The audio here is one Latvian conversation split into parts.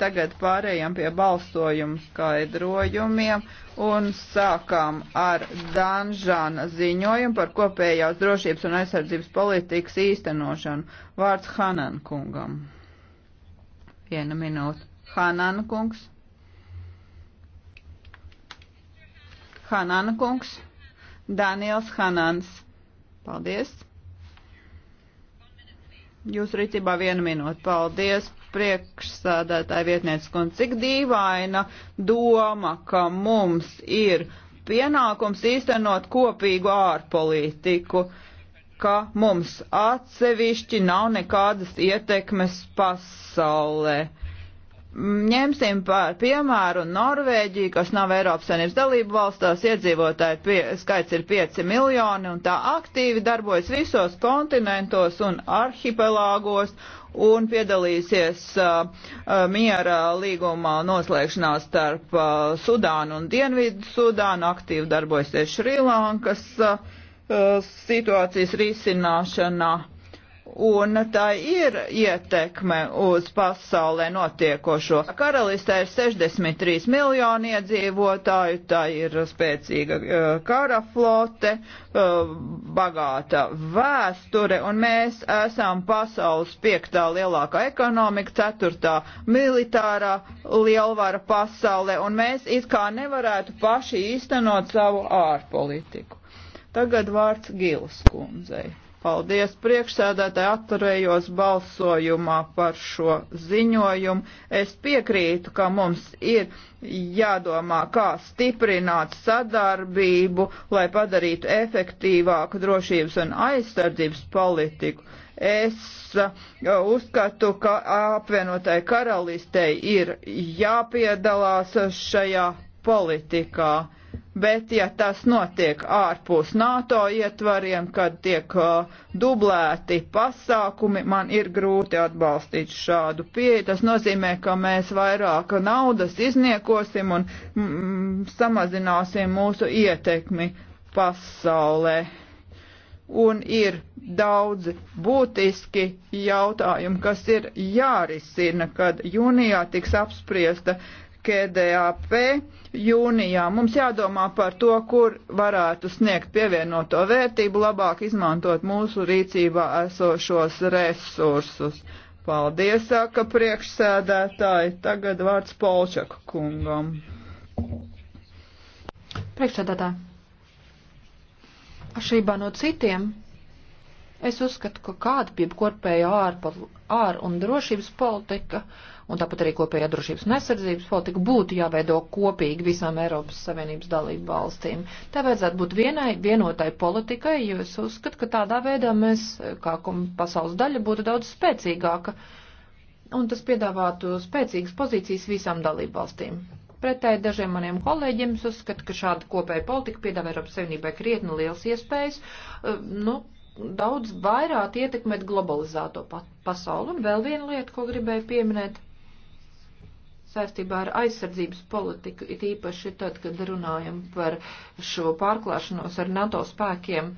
tagad pārējām pie balsojumu skaidrojumiem un sākām ar Danžana ziņojumu par kopējās drošības un aizsardzības politikas īstenošanu. Vārds Hanan kungam. Viena minūte. Hanan kungs. Hanan kungs. Daniels Hanans. Paldies. Jūsu rīcībā viena minūte. Paldies priekšsādātāja vietniece, un cik dīvaina doma, ka mums ir pienākums īstenot kopīgu ārpolitiku, ka mums atsevišķi nav nekādas ietekmes pasaulē. Uh, Ņemsim par piemēru Norvēģiju, kas nav Eiropas Savienības dalību valstās, iedzīvotāji pie, skaits ir 5 miljoni un tā aktīvi darbojas visos kontinentos un arhipelāgos un piedalīsies uh, miera līgumā noslēgšanā starp uh, Sudānu un Dienvidu Sudānu, aktīvi darbojasies Šrilankas uh, situācijas risināšanā un tā ir ietekme uz pasaulē notiekošo. Karalistē ir 63 miljoni iedzīvotāju, tā ir spēcīga e, kara flote, e, bagāta vēsture, un mēs esam pasaules piektā lielākā ekonomika, ceturtā militārā lielvara pasaulē, un mēs it kā nevarētu paši īstenot savu ārpolitiku. Tagad vārds Gilas kundzei. Paldies priekšsēdētāji, atturējos balsojumā par šo ziņojumu. Es piekrītu, ka mums ir jādomā, kā stiprināt sadarbību, lai padarītu efektīvāku drošības un aizsardzības politiku. Es uh, uzskatu, ka apvienotai karalistei ir jāpiedalās šajā politikā bet ja tas notiek ārpus NATO ietvariem, kad tiek uh, dublēti pasākumi, man ir grūti atbalstīt šādu pieeju. Tas nozīmē, ka mēs vairāk naudas izniekosim un mm, mm samazināsim mūsu ietekmi pasaulē. Un ir daudzi būtiski jautājumi, kas ir jārisina, kad jūnijā tiks apspriesta uh, KDAP jūnijā. Mums jādomā par to, kur varētu sniegt pievienoto vērtību, labāk izmantot mūsu rīcībā esošos resursus. Paldies, saka priekšsēdētāji. Tagad vārds Polčaka kungam. Priekšsēdētāji. Ašībā no citiem Es uzskatu, ka kāda pie kopēja ārpar, ār un drošības politika, un tāpat arī kopējā drošības un aizsardzības politika būtu jāveido kopīgi visām Eiropas Savienības dalību valstīm. Tā vajadzētu būt vienai vienotai politikai, jo es uzskatu, ka tādā veidā mēs, kā pasaules daļa, būtu daudz spēcīgāka, un tas piedāvātu spēcīgas pozīcijas visām dalību valstīm. Pretēji dažiem maniem kolēģiem es uzskatu, ka šāda kopēja politika piedāvā Eiropas Savienībai krietni liels iespējas, eh, nu, daudz vairāk ietekmēt globalizēto pasauli. Un vēl viena lieta, ko gribēju pieminēt saistībā ar aizsardzības politiku, it īpaši tad, kad runājam par šo pārklāšanos ar NATO spēkiem,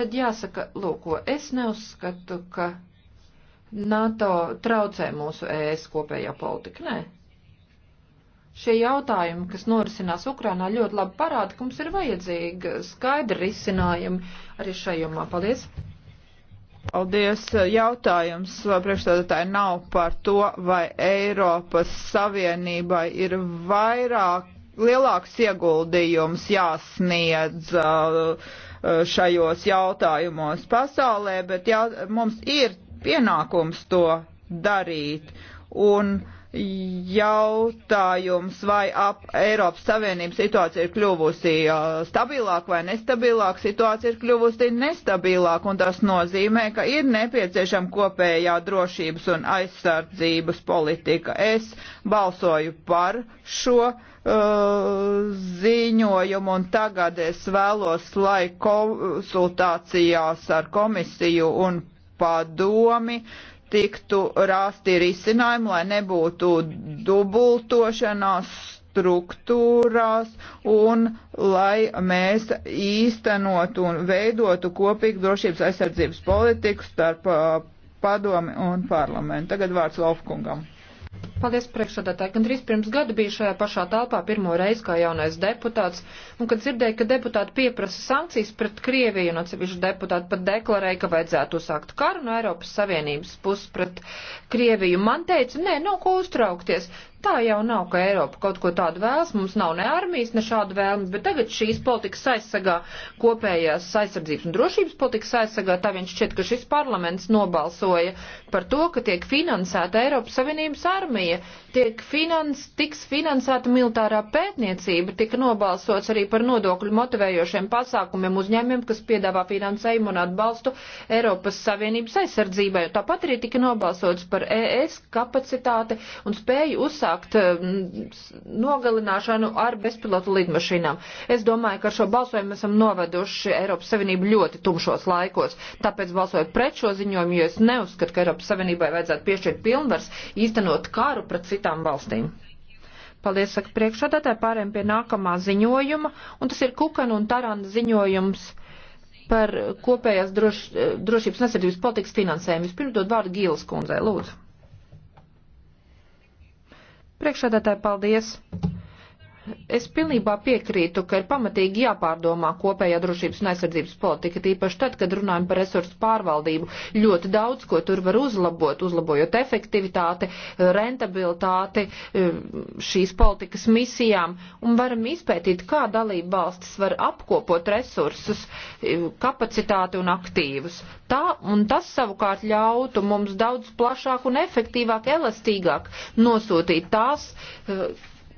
tad jāsaka, lūko, es neuzskatu, ka NATO traucē mūsu ES kopējā politika. Nē, Šie jautājumi, kas norisinās Ukrainā, ļoti labi parāda, ka mums ir vajadzīga skaidra risinājuma arī šajomā. Paldies! Paldies. Jautājums priekšstādātāji nav par to, vai Eiropas Savienībai ir vairāk, lielāks ieguldījums jāsniedz uh, šajos jautājumos pasaulē, bet jā, mums ir pienākums to darīt. Un, uh, jautājums, vai ap Eiropas Savienības situācija ir kļuvusi uh, stabilāk vai nestabilāk. Situācija ir kļuvusi nestabilāk, un tas nozīmē, ka ir nepieciešama kopējā drošības un aizsardzības politika. Es balsoju par šo uh, ziņojumu, un tagad es vēlos, lai konsultācijās ar komisiju un padomi uh, tiktu rāsti risinājumi, lai nebūtu dubultošanās struktūrās un lai mēs īstenotu un veidotu kopīgu drošības aizsardzības politiku starp uh, padomi un parlamentu. Tagad vārds Lofkungam. Paldies, priekšsādātāji. Gan drīz pirms gada biju šajā pašā telpā pirmo reizi kā jaunais deputāts, un kad dzirdēju, ka deputāti pieprasa sankcijas pret Krieviju, un atsevišķi deputāti pat deklarēja, ka vajadzētu uzsākt karu no Eiropas Savienības puses pret Krieviju, man teica, nē, nav ko uztraukties. Tā jau nav, ka Eiropa kaut ko tādu vēlas, mums nav ne armijas, ne šādu vēlmi, bet tagad šīs politikas aizsargā kopējās aizsardzības un drošības politikas aizsargā, tā viņš šķiet, ka šis parlaments nobalsoja par to, ka tiek finansēta Eiropas Savienības armija, tiek finans, tiks finansēta militārā pētniecība, tika nobalsots arī par nodokļu motivējošiem pasākumiem uzņēmiem, kas piedāvā finansējumu un atbalstu Eiropas Savienības aizsardzībai, tāpat arī tika nobalsots par ES kapacitāti un spēju uzsākt uzsākt um, nogalināšanu ar bezpilotu lidmašīnām. Es domāju, ka ar šo balsojumu esam noveduši Eiropas Savienību ļoti tumšos laikos. Tāpēc balsoju pret šo ziņojumu, jo es neuzskatu, ka Eiropas Savienībai vajadzētu piešķirt pilnvars īstenot kāru pret citām valstīm. Paldies, saka priekšādātāji, pārējiem pie nākamā ziņojuma, un tas ir Kukana un Taranda ziņojums par kopējās droš, eh, drošības nesardzības politikas finansējumu. Vispirms dod vārdu Gīles kundzei, lūdzu. Priekšādātāji, paldies! Es pilnībā piekrītu, ka ir pamatīgi jāpārdomā kopējā drošības un aizsardzības politika, tīpaši tad, kad runājam par resursu pārvaldību. Ļoti daudz, ko tur var uzlabot, uzlabojot efektivitāti, rentabilitāti eh, šīs politikas misijām, un varam izpētīt, kā dalība valstis var apkopot resursus, eh, kapacitāti un aktīvus. Tā, un tas savukārt ļautu mums daudz plašāk un efektīvāk, elastīgāk nosūtīt tās eh,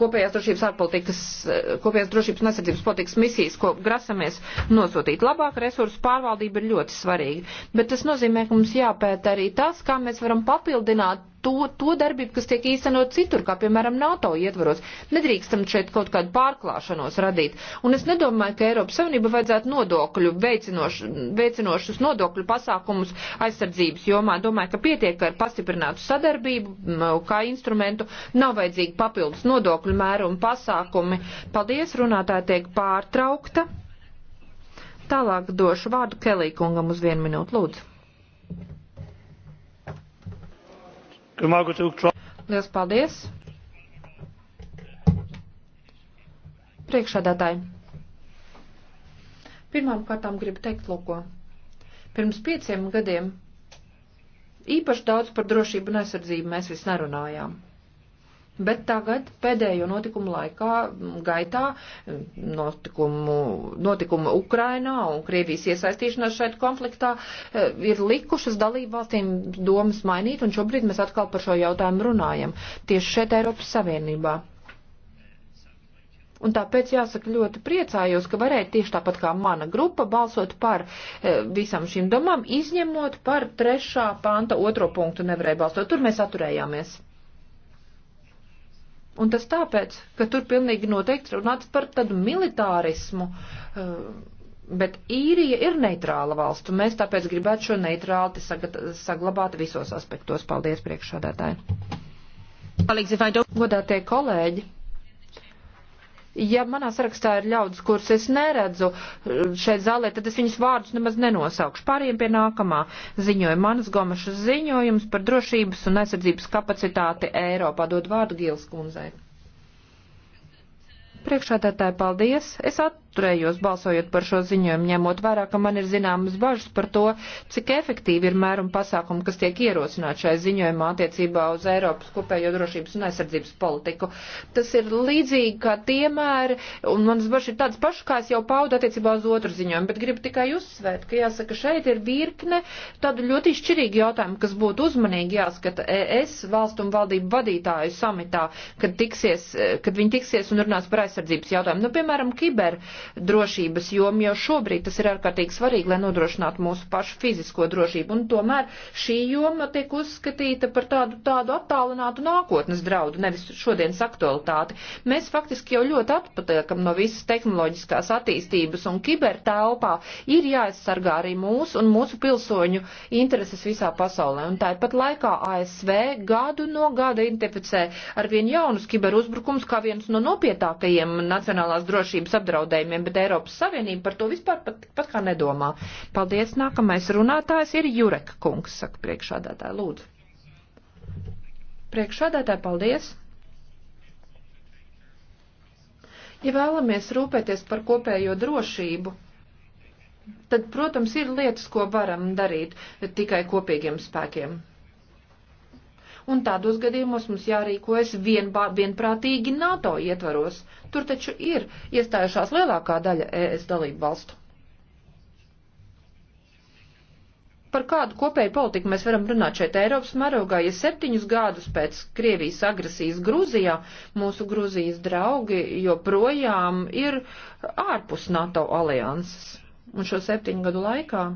kopējās drošības ārpolitikas, eh, kopējās drošības un aizsardzības politikas misijas, ko grasamies nosūtīt. Labāka resursu pārvaldība ir ļoti svarīga, bet tas nozīmē, ka mums jāpēta arī tas, kā mēs varam papildināt to, to darbību, kas tiek īstenot citur, kā piemēram NATO ietvaros. Nedrīkstam šeit kaut kādu pārklāšanos radīt. Un es nedomāju, ka Eiropas Savienība vajadzētu nodokļu veicinošu, veicinošus nodokļu pasākumus aizsardzības jomā. Domāju, ka pietiek ar pastiprinātu sadarbību kā instrumentu. Nav vajadzīgi papildus nodokļu mēru un pasākumi. Paldies, runātāja tiek pārtraukta. Tālāk došu vārdu Kelī kungam uz vienu minūtu, lūdzu. Lielas paldies! Priekšādātāji! Pirmām kārtām gribu teikt, loko. Pirms pieciem gadiem īpaši daudz par drošību un aizsardzību mēs vis nerunājām. Bet tagad pēdējo notikumu laikā gaitā notikumu, notikumu Ukrainā un Krievijas iesaistīšanās šeit konfliktā e, ir likušas dalību valstīm domas mainīt, un šobrīd mēs atkal par šo jautājumu runājam tieši šeit Eiropas Savienībā. Un tāpēc jāsaka ļoti priecājos, ka varēja tieši tāpat kā mana grupa balsot par e, visam šīm domām, izņemot par trešā panta otro punktu nevarēja balsot. Tur mēs atturējāmies. Un tas tāpēc, ka tur pilnīgi noteikti runāts par tādu militārismu. Eh, bet īrija ir neitrāla valsts, un mēs tāpēc gribētu šo neitrāli saglabāt visos aspektos. Paldies priekšādātāji. Godātie kolēģi! ja manā sarakstā ir ļaudis, kurus es neredzu eh, šeit zālē, tad es viņas vārdus nemaz nenosaukšu. Pāriem pie nākamā ziņojuma. Manas Gomešas ziņojums par drošības un aizsardzības kapacitāti Eiropā. Dod vārdu Gīles kundzei. Priekšādātāji, paldies. Es at turējos balsojot par šo ziņojumu, ņemot vērā, ka man ir zināmas bažas par to, cik efektīvi ir mērumi pasākumi, kas tiek ierosināti šai ziņojumā attiecībā uz Eiropas kopējo drošības un aizsardzības politiku. Tas ir līdzīgi kā tie mēri, un manas bažas ir tādas pašas, kā es jau paudu attiecībā uz otru ziņojumu, bet gribu tikai uzsvērt, ka jāsaka, šeit ir virkne tādu ļoti izšķirīgu jautājumu, kas būtu uzmanīgi jāskata ES valstu un valdību vadītāju samitā, kad, tiksies, kad viņi tiksies un runās par aizsardzības jautājumu. Nu, piemēram, kiber drošības jomu, jo šobrīd tas ir ārkārtīgi svarīgi, lai nodrošinātu mūsu pašu fizisko drošību. Un tomēr šī joma tiek uzskatīta par tādu, tādu attālinātu nākotnes draudu, nevis šodienas aktualitāti. Mēs faktiski jau ļoti atpatiekam no visas tehnoloģiskās attīstības un kibertelpā ir jāaizsargā arī mūsu un mūsu pilsoņu intereses visā pasaulē. Un tāpat laikā ASV gadu no gada identificē ar vien jaunus kiberuzbrukums kā viens no nopietnākajiem nacionālās drošības apdraudējumiem jautājumiem, bet Eiropas Savienība par to vispār pat, pat kā nedomā. Paldies, nākamais runātājs ir Jurek kungs, saka priekšādātāja, lūdzu. Priekšādātāja, paldies. Ja vēlamies rūpēties par kopējo drošību, tad, protams, ir lietas, ko varam darīt tikai kopīgiem spēkiem un tādos gadījumos mums jārīkojas vienbā, vienprātīgi NATO ietvaros. Tur taču ir iestājušās lielākā daļa ES dalību valstu. Par kādu kopēju politiku mēs varam runāt šeit Eiropas mērogā, ja septiņus gadus pēc Krievijas agresijas Grūzijā mūsu Grūzijas draugi joprojām ir ārpus NATO alianses. Un šo septiņu gadu laikā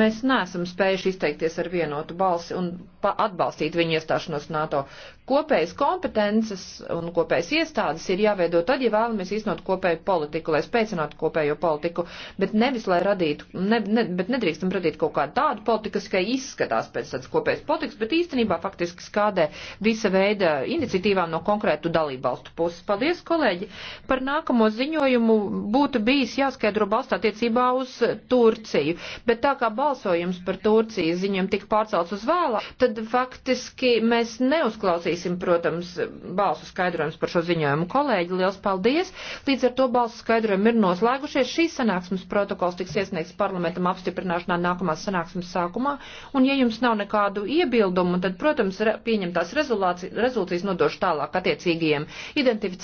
Mēs neesam spējuši izteikties ar vienotu balsi un atbalstīt viņu iestāšanos NATO. Kopējas kompetences un kopējas iestādes ir jāveido tad, ja vēlamies iznot kopēju politiku, lai spēcinātu kopējo politiku, bet nevis, lai radītu, ne, ne, bet nedrīkstam radīt kaut kādu tādu politiku, kas tikai izskatās pēc tādas kopējas politikas, bet īstenībā faktiski skādē visa veida iniciatīvām no konkrētu dalībvalstu puses. Paldies, kolēģi! Par nākamo ziņojumu būtu bijis jāskaidro balstā attiecībā uz Turciju, bet tā kā balsojums par Turcijas ziņojumu tika pārcelts uz vēlā, tad faktiski mēs neuzklausījām nosūtīsim, protams, balsu skaidrojums par šo ziņojumu. Kolēģi, liels paldies! Līdz ar to balsu skaidrojumi ir noslēgušies. Šīs sanāksmes protokols tiks iesniegts parlamentam apstiprināšanā nākamās sanāksmes sākumā. Un, ja jums nav nekādu iebildumu, tad, protams, re pieņemtās rezolācijas nodošu tālāk attiecīgajiem identificētājiem.